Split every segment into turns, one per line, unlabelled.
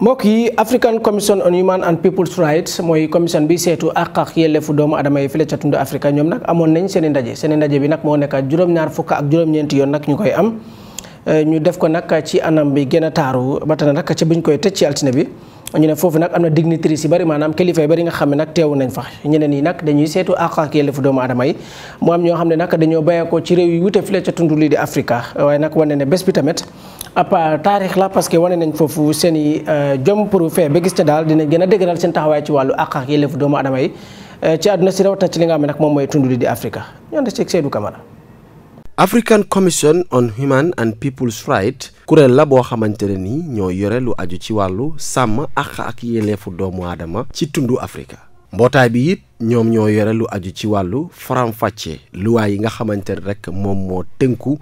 mbokk yi African Commission on Human and People's Rights mooy commission bi seetu àq ak yelleefu doomu adama yi fële ca tund Afrika ñoom nag amoon nañ seen i ndaje seen i ndaje bi nag moo nekk juróom-ñaar fukk ak juróom-ñeenti ñu koy am eh, ñu def ko nag ci anam bi gën a taaru ba tey nag ca ñu koy tëj ci altine bi ñu ne foofu nag am na dignitaires yi bari maanaam kilifa yi bari nga xam ne nag teewu nañ fa ñeneen yi nag dañuy seetu àq ak yelleefu doomu adama yi mu am ñoo xam ne nag dañoo bàyyeekoo ci réew yi wute fële ca lii di waaye nag wane ne bés bi tamit ab taarix la parce que wane nañ foofu seeni i euh, jom pour fee ba gis te daal dina gën a dëgëral seen taxawaay ci wàllu àq ak yelleefu doomu adama yi euh, ci àdduna si rawatina ci li nga xam ne nag moom li di Afrique ñoo ngi ci Seydou Camara.
African Commission on Human and People's Rights kuréel la boo xamante ne ni ñoo yore lu aju ci wàllu sàmm ak ak yelleefu doomu aadama ci tundu Afrique. mbootaay bi it ñoom ñoo yore lu aju ci wàllu faram luwaay yi nga xamante ne rek moom moo tënku.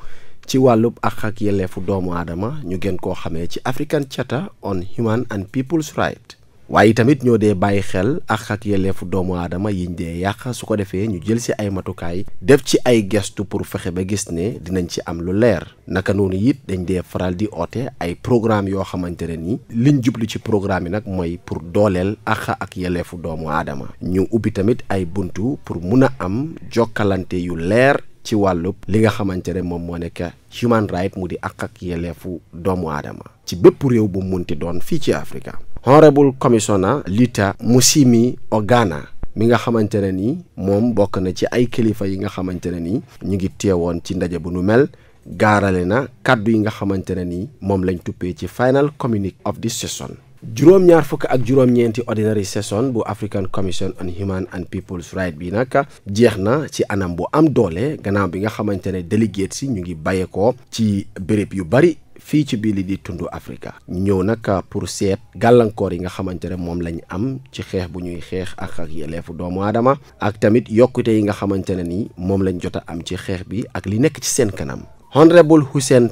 ci wàllub àq ak yelleefu doomu aadama ñu gën koo xamee ci African Charter on Human and People's Right waaye tamit ñoo dee bàyyi xel àq ak yelleefu doomu aadama yiñ dee yàq su ko defee ñu jël si ay matukaay def ci ay gestu pour fexe ba gis ne dinañ ci am lu leer naka noonu it dañ dee faral di oote ay programme yoo xamante ne ni liñ jublu ci programme yi nag mooy pour dooleel àq ak yelleefu doomu aadama ñu ubbi tamit ay buntu pour mun a am jokkalante yu leer ci wàllub li nga xamante ne moom moo nekk human right mu di ak ak yeleefu doomu aadama ci bépp réew bu munti doon fii ci Afrika honorable commissioner Lita Musimi Ogana mi nga xamante ne ni moom bokk na ci ay kilifa yi nga xamante ne ni ñu ngi teewoon ci ndaje bu nu mel gaarale na kàddu yi nga xamante ne ni moom lañ tuppee ci final communique of the session juróom-ñaar fukk ak juróom-ñeenti ordinary session bu African Commission on Human and People's Right bi nag jeex na ci anam bu am doole gannaaw bi nga xamante ne délégués si ñu ngi bàyyeekoo ci béréb yu bari fii ci biir li di tundu Afrika ñëw nag pour seet gàllankoor yi nga xamante ne moom lañ am ci xeex bu ñuy xeex ak ak yelleefu doomu aadama ak tamit yokkute yi nga xamante ne ni moom lañ jot a am ci xeex bi ak li nekk ci seen kanam. honorable Hussein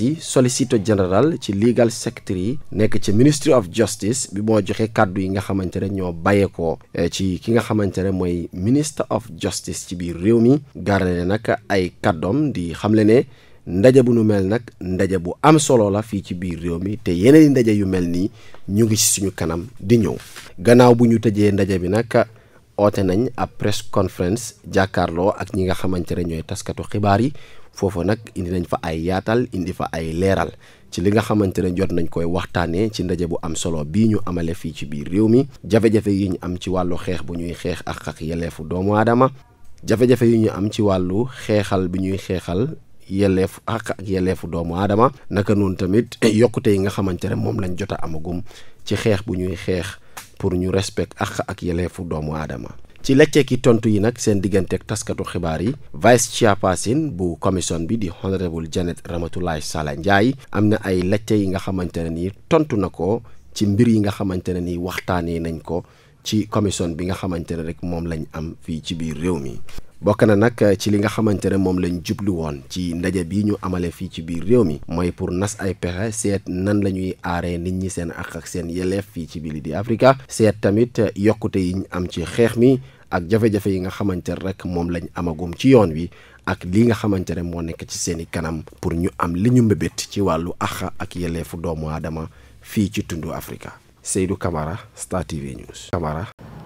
yi solliciteur général ci legal secretary nekk ci ministry of justice bi moo joxee kàddu yi nga xamante ne ñoo bàyyeekoo eh, ci ki nga xamante ne mooy minister of justice ci biir réew mi gaare ne nag ay kàddoom di xamle ne ndaje bu nu mel nag ndaje bu am solo la fii ci biir réew mi te yeneen i ndaje yu mel nii ñu ngi ci suñu kanam di ñëw gannaaw bu ñu tëjee ndaje bi nag. oote nañ ab press conference jàkkaarloo ak ñi nga xamante ne ñooy taskatu xibaar yi foofu nag indi nañ fa ay yaatal indi fa ay leeral ci li nga xamante ne jot nañ koy waxtaanee ci ndaje bu am solo bii ñu amale fii ci biir réew mi jafe-jafe yi ñu am ci wàllu xeex bu ñuy xeex ak ak yeleefu doomu aadama jafe-jafe yi ñu am ci wàllu xeexal bi ñuy xeexal yelleef àq ak yelleefu doomu aadama naka noonu tamit yokkute yi nga xamante ne moom lañ jot a amagum ci xeex bu ñuy xeex pour ñu respect àq ak yelleefu doomu aadama. ci ki tontu yi nag seen digganteeg taskatu xibaar yi vice chairperson bu commission bi di honorable Janet Ramatoulaye Sala Ndiaye am na ay lecce yi nga xamante ne nii tontu na ko ci mbir yi nga xamante ne nii waxtaanee nañ ko ci commission bi nga xamante ne rek moom lañ am fii ci biir réew mi. bokk na nag eh, ci li nga xamante ne moom lañ jublu woon ci ndaje bi ñu amale fii ci biir réew mi mooy pour nas ay pexe seet nan la ñuy aaree nit ñi seen àq ak seen yelleef fii ci biir di Afrika seet tamit eh, yokkute yi ñu am ci xeex mi ak jafe-jafe yi nga xamante ne rek moom lañ amagum ci yoon wi ak li nga xamante ne moo nekk ci seeni kanam pour ñu am li ñu mbébét ci wàllu àq ak yeleefu doomu aadama fii ci tundu Afrika seydu Camara Star TV News Camara